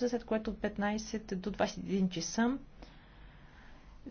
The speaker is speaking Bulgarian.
за след което от 15 до 21 часа